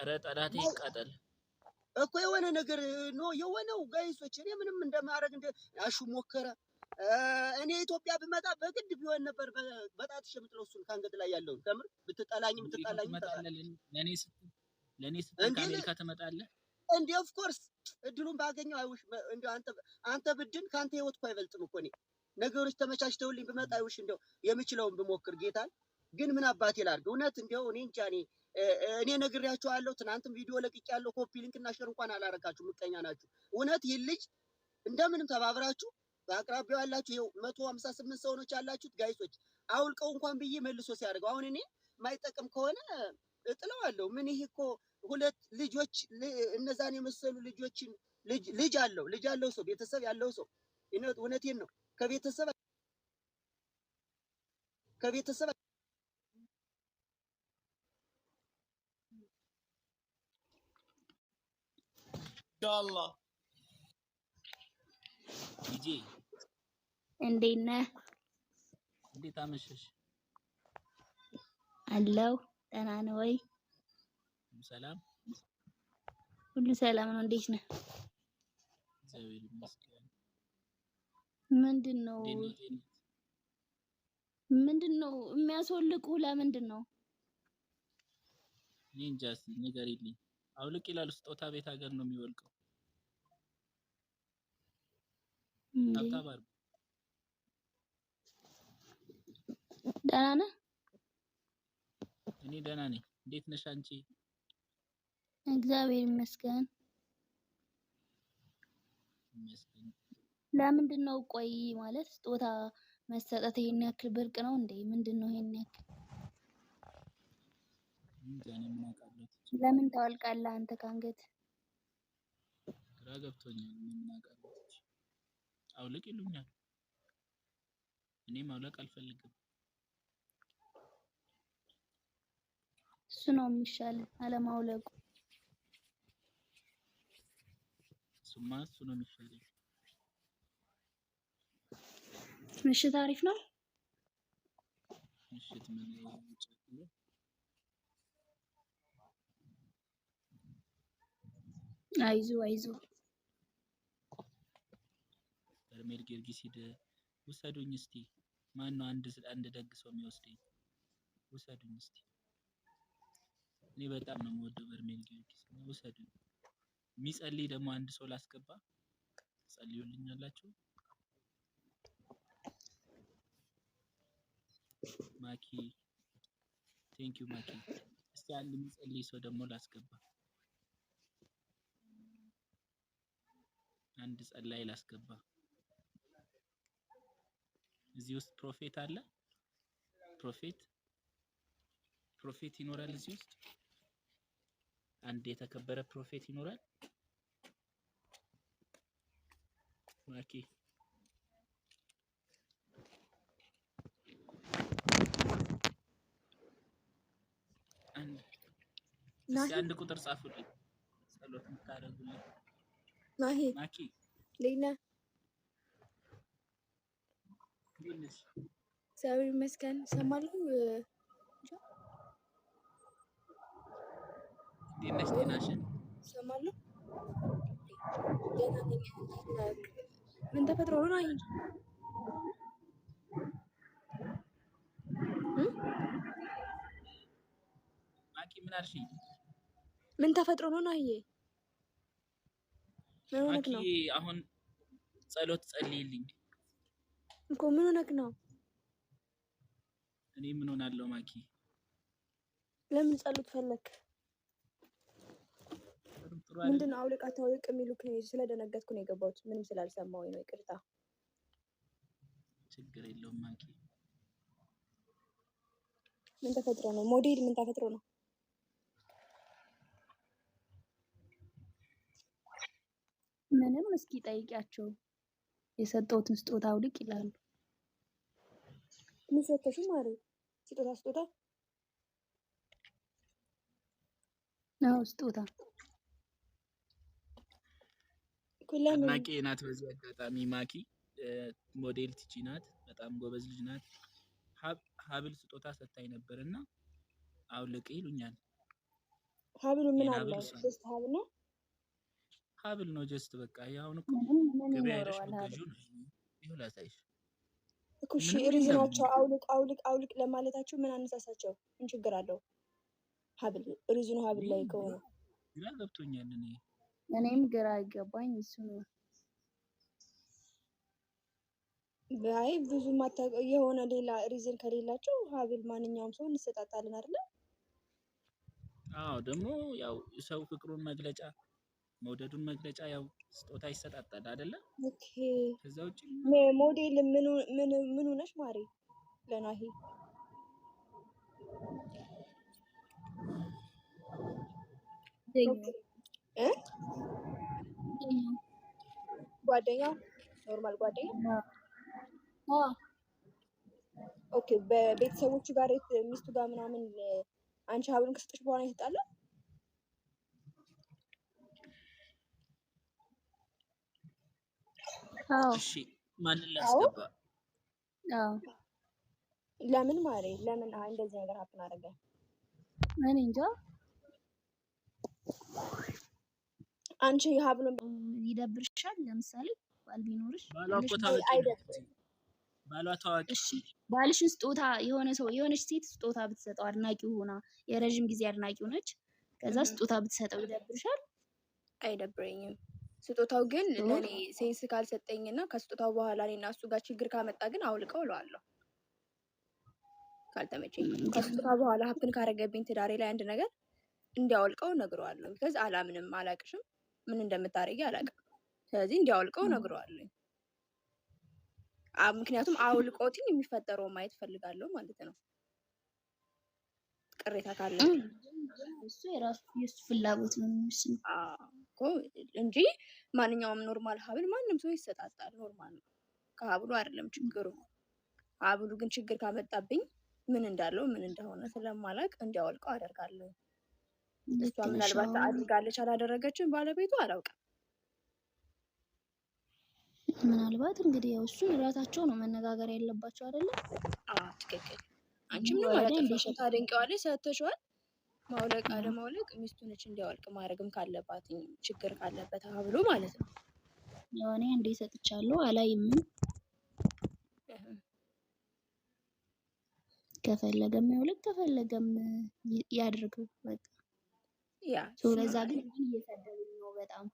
ኧረ ይቃጠል እኮ የሆነ ነገር ነው የሆነው። ጋይሶች እኔ ምንም እንደማድረግ እንደ አሹ ሞከረ። እኔ ኢትዮጵያ ብመጣ በግድ ቢሆን ነበር በጣትሽ የምጥለው እሱን ከአንገት ላይ ያለውን ከምር ብትጠላኝ ብትጠላኝ ለእኔ ስትል ከአሜሪካ ትመጣለህ ኦፍኮርስ እድሉን ባገኘው አይውሽ እንደው አንተ አንተ ብድን ከአንተ ህይወት እኮ አይበልጥም እኮ እኔ ነገሮች ተመቻችተውልኝ ብመጣ አይውሽ እንደው የምችለውን ብሞክር ጌታን ግን ምን አባቴ ላድርግ? እውነት እንዲያው እኔ እንጃ። እኔ እኔ ነግሬያቸዋለሁ። ትናንትም ቪዲዮ ለቅቄያለሁ። ኮፒ ሊንክ እና ሼር እንኳን አላረጋችሁ፣ ምቀኛ ናችሁ። እውነት ይህ ልጅ እንደምንም ተባብራችሁ በአቅራቢያው ያላችሁ ይኸው መቶ ሀምሳ ስምንት ሰውኖች ያላችሁት ጋይሶች አውልቀው እንኳን ብዬ መልሶ ሲያደርገው አሁን እኔ ማይጠቅም ከሆነ እጥለዋለሁ። ምን ይህ እኮ ሁለት ልጆች እነዛን የመሰሉ ልጆችን ልጅ አለው ልጅ አለው ሰው ቤተሰብ ያለው ሰው እውነቴን ነው ከቤተሰብ ከቤተሰብ ኢንሻአላህ ልጄ እንዴት ነህ? እንዴት አመሸሽ? አለው ደህና ነው ወይ? ሰላም ሁሉ ሰላም ነው። እንዴት ነህ? ምንድን ነው ምንድን ነው የሚያስወልቁ? ለምንድን ነው? እንጃ። ንገሪልኝ አውልቅ ይላል። ስጦታ ቤት ሀገር ነው የሚወልቀው። አጣባር ደህና ነህ? እኔ ደህና ነኝ። እንዴት ነሽ አንቺ? እግዚአብሔር ይመስገን። ለምንድን ነው ቆይ ማለት ስጦታ መሰጠት ይሄን ያክል ብርቅ ነው እንዴ? ምንድን ነው ይሄን ያክል ለምን ታወልቃለህ አንተ ከአንገት? ግራ ገብቶኛል። ምን አቀርቦች አውልቅ ይሉኛል። እኔ ማውለቅ አልፈልግም። እሱ ነው የሚሻል አለማውለቁ። እሱማ እሱ ነው የሚሻለኝ። ምሽት አሪፍ ነው። ምሽት ምን አይዞ አይዞ በርሜል ጊዮርጊስ ሂድ ውሰዱኝ እስቲ ማን ነው አንድ አንድ ደግ ሰው የሚወስደኝ ውሰዱኝ እስቲ እኔ በጣም ነው የምወደው በርሜል ጊዮርጊስ ውሰዱኝ የሚጸልይ ደግሞ አንድ ሰው ላስገባ ጸልዩልኛላችሁ ማኪ ቴንክ ዩ ማኪ እስቲ አንድ የሚጸልይ ሰው ደግሞ ላስገባ አንድ ጸላይ ላስገባ። እዚህ ውስጥ ፕሮፌት አለ። ፕሮፌት ፕሮፌት ይኖራል። እዚህ ውስጥ አንድ የተከበረ ፕሮፌት ይኖራል። ማኪ አንድ ቁጥር ጻፉልኝ ጸሎት የምታደርጉልኝ ማሂ ሌላ ሰው ይመስገን ሰማለሁ። ሰማለሁ ምን ተፈጥሮ ነው? ምን ተፈጥሮ ነው? ምን ሆነክ ነው? አሁን ጸሎት ጸልይልኝ እኮ ምን ሆነክ ነው? እኔ ምን ሆናለሁ ማኪ? ለምን ጸሎት ፈለክ? ምንድን ነው አውልቅ አታውልቅ የሚሉክ ነው? ስለደነገጥኩ ነው የገባሁት። ምንም ስላልሰማሁኝ ነው። ይቅርታ። ችግር የለውም ማኪ። ምን ተፈጥሮ ነው ሞዴል? ምን ተፈጥሮ ነው? ምንም እስኪ ጠይቂያቸው የሰጠሁትን ስጦታ አውልቅ ይላሉ። ምን ሰጠሽ ማሪ? ስጦታ ስጦታ? አዎ ስጦታ። አድናቂ ናት። በዚህ አጋጣሚ ማኪ ሞዴል ትቺ ናት። በጣም ጎበዝ ልጅ ናት። ሀብል ስጦታ ሰታኝ ነበር እና አውልቅ ይሉኛል። ሀብሉ ምን አለ? ሀብል ነው ሀብል ነው ጀስት በቃ ያሁን እኮ ገበያ ሄደሽ ብትገዢው ነው። ይኸው ላሳይሽ እኮ እሺ። ሪዝናቸው አውልቅ አውልቅ አውልቅ ለማለታቸው ምን አነሳሳቸው? ምን ችግር አለው? ሀብል ሪዝኑ ሀብል ላይ ከሆነ ግራ ገብቶኛል። እኔ እኔም ግራ አይገባኝ እሱ ነው። አይ ብዙ የሆነ ሌላ ሪዝን ከሌላቸው ሀብል ማንኛውም ሰው እንሰጣጣለን አይደለ? አዎ ደግሞ ያው ሰው ፍቅሩን መግለጫ መውደዱን መግለጫ ያው ስጦታ ይሰጣጣል አይደለ? ኦኬ። ከዛ ውጪ ሞዴል ምን ምን ምን ሆነሽ ማሪ? ለናሂ ጓደኛ ኖርማል ጓደኛ። ኦኬ። በቤተሰቦቹ ጋር ሚስቱ ጋር ምናምን አንቺ ሀብሉን ከሰጠሽ በኋላ ይሰጣል። እሺ ማንን ላስገባ? ለምን ማሬ ለምን እንደዚህ ነገር ሀብትን አደረገ? እኔ እንጃ። አንቺ ይደብርሻል። ለምሳሌ ባል ቢኖርሽ ባሏ ታዋቂ ባልሽን ስጦታ የሆነ ሰው የሆነች ሴት ስጦታ ብትሰጠው አድናቂው ሆና የረዥም ጊዜ አድናቂው ነች። ከዛ ስጦታ ብትሰጠው ይደብርሻል? አይደብረኝም። ስጦታው ግን ለእኔ ሴንስ እና ከስጦታው በኋላ እኔና እሱ ጋር ችግር ካመጣ ግን አውልቀው እለዋለሁ። ካልተመቸኝ ከስጦታ በኋላ ሀፕን ካረገብኝ ትዳሬ ላይ አንድ ነገር እንዲያወልቀው ነግረዋለሁ። ቢካዝ አላምንም፣ አላቅሽም፣ ምን እንደምታደርጊ አላቅም። ስለዚህ እንዲያወልቀው ነግረዋለሁ። ምክንያቱም አውልቆትኝ የሚፈጠረው ማየት ፈልጋለሁ ማለት ነው። ቅሬታ ካለ እሱ የራሱ የሱ ፍላጎት ነው የሚመስለው። እኮ እንጂ ማንኛውም ኖርማል ሀብል ማንም ሰው ይሰጣጣል። ኖርማል ነው። ከሀብሉ አይደለም ችግሩ። ሀብሉ ግን ችግር ካመጣብኝ ምን እንዳለው ምን እንደሆነ ስለማላቅ እንዲያወልቀው አደርጋለሁ። እሷ ምናልባት አድርጋለች አላደረገችም ባለቤቱ አላውቅም። ምናልባት እንግዲህ ያው እሱ ራሳቸው ነው መነጋገር ያለባቸው አይደለም። ትክክል። አንቺም ነው ማለት ታደንቂዋለች፣ ሰተሸዋል ማውለቅ አለማውለቅ ሚስቱ ነች እንዲያወልቅ ማድረግም ካለባት ችግር ካለበት ብሎ ማለት ነው። የሆነ እንዴ ሰጥቻለሁ አላይም። ከፈለገም ያውልቅ ከፈለገም ያድርገው በቃ ያ ለዛ ግን እየሰደብኝ ነው በጣም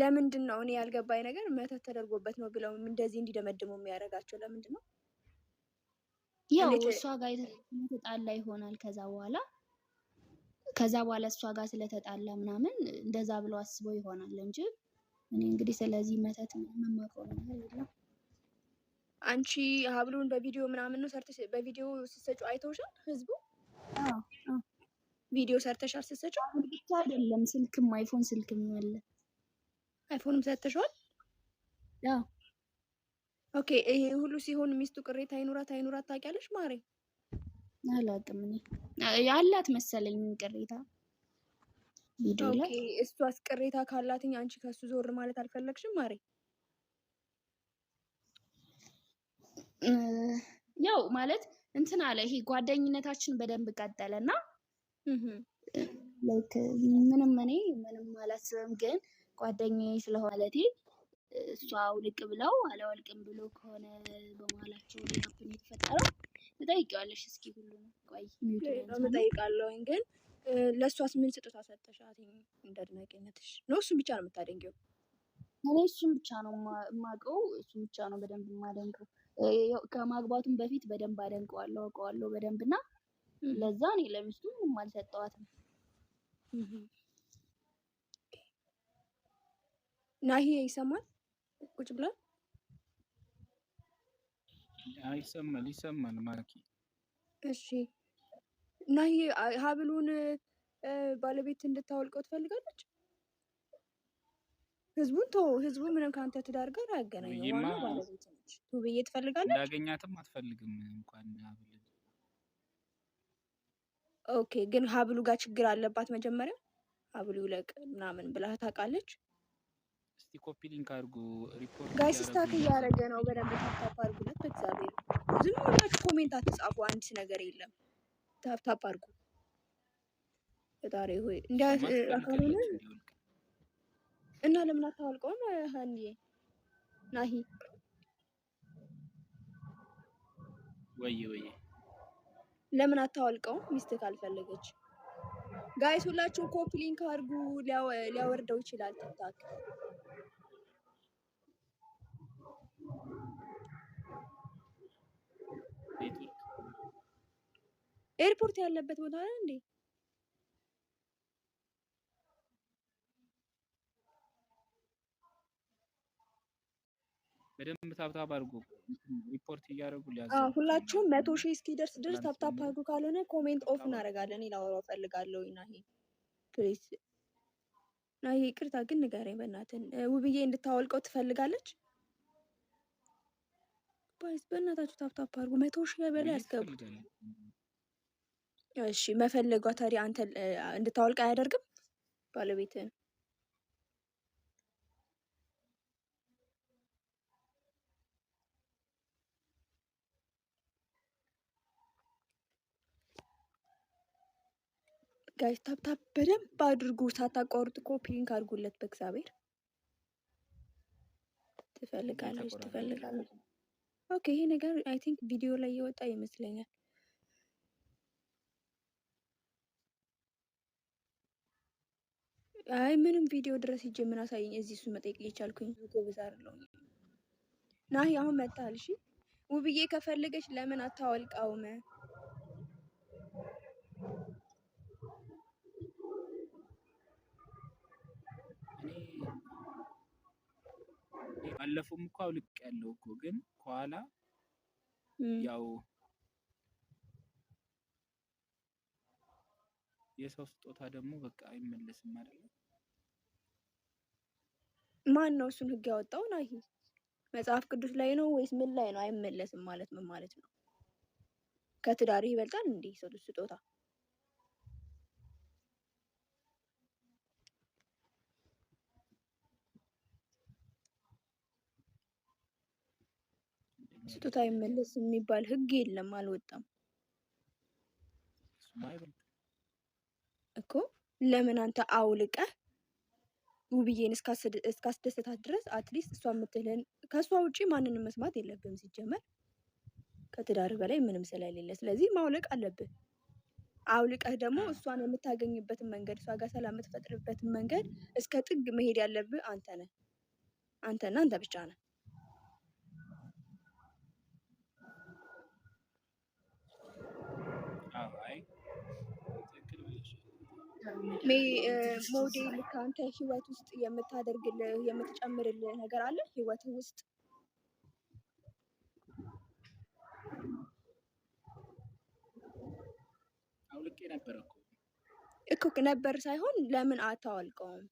ለምንድን ነው እኔ ያልገባኝ ነገር መተት ተደርጎበት ነው ብለው እንደዚህ እንዲደመድሙ የሚያደርጋቸው ለምንድን ነው? ያው እሷ ጋር የተጣላ ይሆናል። ከዛ በኋላ ከዛ በኋላ እሷ ጋር ስለተጣላ ምናምን እንደዛ ብለው አስበው ይሆናል እንጂ እኔ እንግዲህ ስለዚህ መተት የማውቀው ነገር የለም። አንቺ ሀብሉን በቪዲዮ ምናምን ነው ሰርተሽ በቪዲዮ ስትሰጪው አይተውሻል ህዝቡ? ቪዲዮ ሰርተሻል ስትሰጪው? ብቻ አይደለም ስልክም አይፎን ስልክም አለ አይፎንም ሰርተሻል? አዎ ኦኬ ይሄ ሁሉ ሲሆን ሚስቱ ቅሬታ አይኑራት አይኑራት ታውቂያለሽ ማሬ? አላውቅም እኔ መሰለኝ ቅሬታ ቪዲዮ ላይ። እሷስ ቅሬታ ካላትኝ አንቺ ከሱ ዞር ማለት አልፈለግሽም ማሬ? ያው ማለት እንትን አለ ይሄ ጓደኝነታችን በደንብ ቀጠለና ላይክ ምንም እኔ ምንም አላስብም፣ ግን ጓደኛዬ ስለሆነ ማለቴ እሷ አውልቅ ብለው አላወልቅም ብሎ ከሆነ በመሀላቸው ሌላብን የተፈጠረው ትጠይቂዋለሽ። እስኪ ሁሉንም ቆይ እጠይቃለሁኝ። ግን ለእሷስ ምን ስጦታ ሰጠሻት? እንደ አድናቂነትሽ ነው? እሱን ብቻ ነው የምታደንገው? እኔ እሱን ብቻ ነው የማውቀው። እሱን ብቻ ነው በደንብ የማደንቀው። ከማግባቱም በፊት በደንብ አደንቀዋለሁ፣ አውቀዋለሁ በደንብ እና ለዛ እኔ ለሚስቱ ምንም አልሰጠዋትም። ናሂ ይሰማል? ቁጭ ብላ አይሰማል ይሰማል። ማኪ እሺ፣ ናይ ሀብሉን ባለቤት እንድታወልቀው ትፈልጋለች። ህዝቡን ተው፣ ህዝቡ ምንም ከአንተ ትዳር ጋር አያገናኝም። ዋና ባለቤት ነች። ውብዬ ትፈልጋለች። እንዳገኛትም አትፈልግም እንኳን ሀብል። ኦኬ፣ ግን ሀብሉ ጋር ችግር አለባት። መጀመሪያ ሀብሉ ይውለቅ ምናምን ብላ ታውቃለች። ኮፒ ሊንክ አድርጉ። ሪፖርት ጋይስ ስታክ እያደረገ ነው። በደንብ ታፕታፕ አድርጉለት። በእግዚአብሔር ዝም ብላችሁ ኮሜንት አትጻፉ። አንድ ነገር የለም። ታፕታፕ አድርጉ። ፈጣሪ ሆይ እንዲ አካሆነ እና ለምን አታዋልቀውም? ሀኒ ናሂ ወየ ወየ ለምን አታዋልቀውም? ሚስት ካልፈለገች ጋይስ ሁላችሁ ኮፒ ሊንክ አድርጉ። ሊያወርደው ይችላል። ታክ ኤርፖርት ያለበት ቦታ ነው እንዴ? በደንብ ታብታብ አድርጉ። ሪፖርት እያደረጉ ሁላችሁም መቶ ሺህ እስኪደርስ ድረስ ታብታብ አድርጉ። ካልሆነ ኮሜንት ኦፍ እናደርጋለን። ላወራው እፈልጋለሁ። ናሂ ፕሊዝ። ናሂ ይቅርታ ግን ንገረኝ በእናትህ። ውብዬ እንድታወልቀው ትፈልጋለች። ባይስ በእናታችሁ ታብታብ አድርጉ። መቶ ሺህ በላይ ያስገቡ። እሺ መፈለጓ ታዲያ አንተ እንድታወልቅ አያደርግም ባለቤትህን? ጋይስ ታፕታፕ በደንብ አድርጉ፣ ሳታቋርጡ ኮፒ ሊንክ አድርጉለት። በእግዚአብሔር ትፈልጋለች ትፈልጋለች። ኦኬ ይሄ ነገር አይ ቲንክ ቪዲዮ ላይ የወጣ ይመስለኛል። አይ ምንም ቪዲዮ ድረስ ሂጅ ምን አሳየኝ። እዚህ እሱን መጠየቅ እየቻልኩኝ ጎበዝ አይደለሁም። ናሂ አሁን መጥተሃል። እሺ ውብዬ ከፈለገች ለምን አታወልቃውም? ባለፈውም እኮ አውልቅ ያለው እኮ ግን ከኋላ ያው የሰው ስጦታ ደግሞ በቃ አይመለስም አይደለም ማን ነው እሱን ህግ ያወጣው? ናሂ መጽሐፍ ቅዱስ ላይ ነው ወይስ ምን ላይ ነው? አይመለስም ማለት ምን ማለት ነው? ከትዳር ይበልጣል እንዴ ሰው ስጦታ? ስጦታ አይመለስም የሚባል ህግ የለም፣ አልወጣም እኮ ለምን አንተ አውልቀህ ውብዬን እስካስደሰታት ድረስ አትሊስት እሷ የምትልህን ከእሷ ውጪ ማንንም መስማት የለብህም። ሲጀመር ከትዳር በላይ ምንም ስለሌለ፣ ስለዚህ ማውለቅ አለብህ። አውልቀህ ደግሞ እሷን የምታገኝበትን መንገድ፣ እሷ ጋር ሰላም የምትፈጥርበትን መንገድ እስከ ጥግ መሄድ ያለብህ አንተ ነህ። አንተና አንተ ብቻ ነህ። ሞዴል ከአንተ ህይወት ውስጥ የምታደርግልህ የምትጨምርልህ ነገር አለ ህይወት ውስጥ? አውልቄ ነበር እኮ እኮ ነበር ሳይሆን ለምን አታዋልቀውም?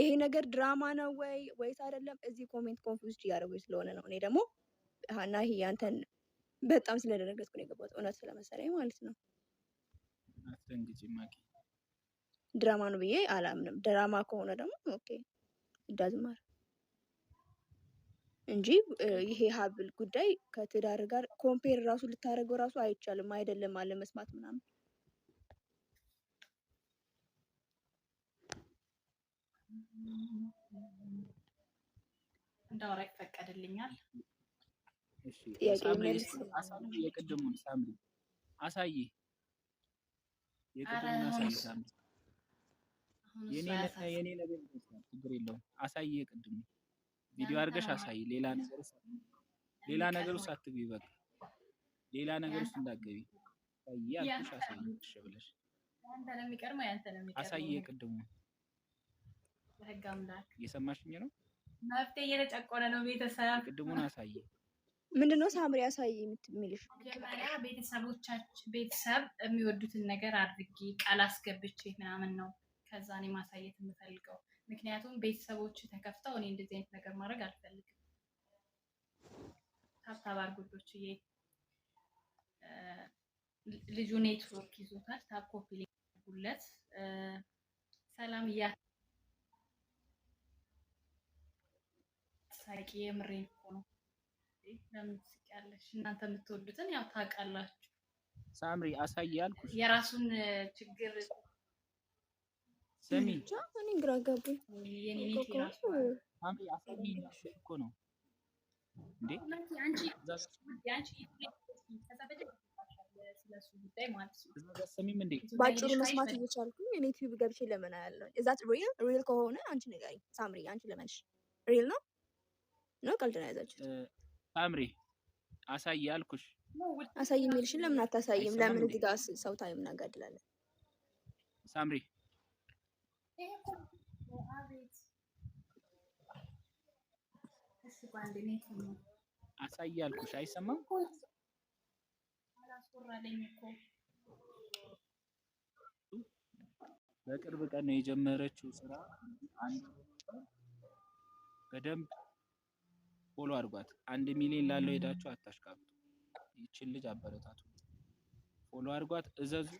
ይሄ ነገር ድራማ ነው ወይ ወይስ አይደለም? እዚህ ኮሜንት ኮንፊውዝድ እያደረጉኝ ስለሆነ ነው። እኔ ደግሞ ሀና ይሄ ያንተን በጣም ስለደነገጥኩ ነው የገባሁት እውነት ስለመሰለኝ ማለት ነው። አትደንግጪ ድራማ ነው ብዬ አላምንም። ድራማ ከሆነ ደግሞ ዳዝማር እንጂ ይሄ ሀብል ጉዳይ ከትዳር ጋር ኮምፔር ራሱ ልታደርገው ራሱ አይቻልም። አይደለም አለ መስማት ምናምን እንዳወራ ይፈቀድልኛል። የቅድሙን ሳምሪ አሳይ የቅጡን አሳይ የኔ የኔ ነገር ችግር የለውም። አሳይ የቅድም ቪዲዮ አድርገሽ አሳይ። ሌላ ነገር ሌላ ነገር ውስጥ አትግቢ፣ በቃ ሌላ ነገር ውስጥ እንዳትገቢ። አሳይ አልኩሽ፣ አሳይ እሺ ብለሽ አሳይ። የቅድሙ እየሰማሽኝ ነው? መፍትሄ እየተጨቆነ ነው ቤተሰብ። ቅድሙን አሳየ ምንድነው ሳምሪ ያሳይ የምትሚልሽ? መጀመሪያ ቤተሰቦቻችን ቤተሰብ የሚወዱትን ነገር አድርጊ ቃል አስገብቼ ምናምን ነው ከዛ እኔ ማሳየት የምፈልገው። ምክንያቱም ቤተሰቦች ተከፍተው እኔ እንደዚህ አይነት ነገር ማድረግ አልፈልግም። ታብታባር ጉዶች ዬ ልጁ ኔትወርክ ይዞታል። ታብ ኮፒ ሊጉለት ሰላም እያ ሳቂ የምሬ ነው ለምን ትስቂያለሽ? እናንተ የምትወዱትን ያው ታውቃላችሁ። ሳምሪ አሳያል የራሱን ችግር ስሚ፣ ግራ ገቡኝ። ባጭሩ መስማት እየቻልኩኝ እኔ ዩቲዩብ ገብቼ ለምን አያለሁ። እዛት ሪል ሪል ከሆነ አንቺ ንገሪኝ ሳምሪ፣ አንቺ ለመንሽ ሪል ነው ነው ቀልድ ነው ያዛችሁት ሳምሪ አሳይ አልኩሽ። አሳይ የሚልሽን ለምን አታሳይም? ለምን እዚህ ጋር ሰው ታይም እናጋድላለን? ሳምሪ አሳይ አልኩሽ። አይሰማም በቅርብ ቀን የጀመረችው ስራ አንድ በደንብ ፎሎ አድርጓት። አንድ ሚሊዮን ላለው ሄዳችሁ አታሽቃብጡ። ይችን ልጅ አበረታቱ። ፎሎ አድርጓት፣ እዘዙ።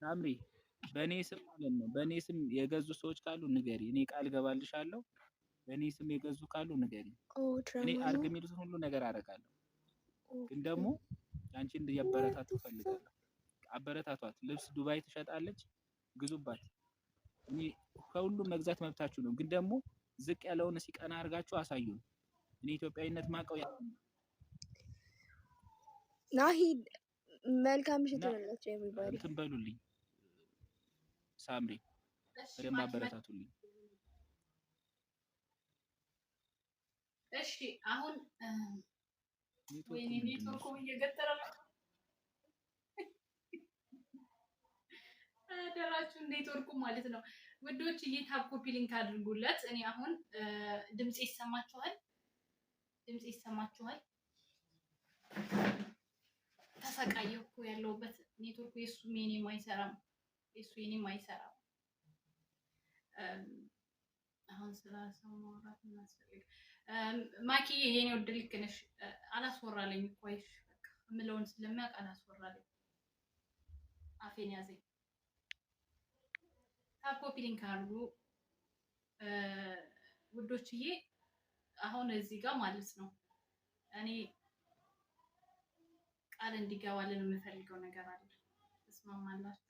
ሳምሪ በእኔ ስም ማለት ነው። በእኔ ስም የገዙ ሰዎች ካሉ ንገሪ፣ እኔ ቃል ገባልሻለሁ። በእኔ ስም የገዙ ካሉ ንገሪ፣ እኔ አድርግ የሚሉትን ሁሉ ነገር አደርጋለሁ። ግን ደግሞ አንቺ እንዲያበረታቱ እፈልጋለሁ። አበረታቷት። ልብስ ዱባይ ትሸጣለች፣ ግዙባት። ከሁሉም መግዛት መብታችሁ ነው፣ ግን ደግሞ ዝቅ ያለውን ሲቀና አድርጋችሁ አሳዩ። እኔ ኢትዮጵያዊነት ማቀው ያ ናሂ መልካም ምሽት ይሆንላችሁ የሚባሉ እንትን በሉልኝ። ሳምሪ በደንብ አበረታቱልኝ። እሺ አሁን ወይኔ ኔትወርኩ እየገጠረ ነው። አደራችሁ ወርቁ ማለት ነው ውዶች። እየታብ ኮፒ ሊንክ አድርጉለት። እኔ አሁን ድምፅ ይሰማችኋል፣ ድምፅ ይሰማችኋል። ተሰቃየሁ እኮ ያለሁበት ኔትወርኩ የሱ የኔም አይሰራም፣ የሱ የኔም አይሰራም። አሁን ስላሰው ማውራት እናስፈልግ ማኪዬ የኔ ወደ ልክ ነሽ። አላስወራለኝ እኮ አይሽ በቃ ምለውን ስለሚያውቅ አላስወራለኝ አፌን ያዘኝ። ታፕ ኦፒኒንግ ካሉ ውዶችዬ፣ አሁን እዚህ ጋር ማለት ነው እኔ ቃል እንዲገባልን የምፈልገው ነገር አለ። ተስማማላችሁ?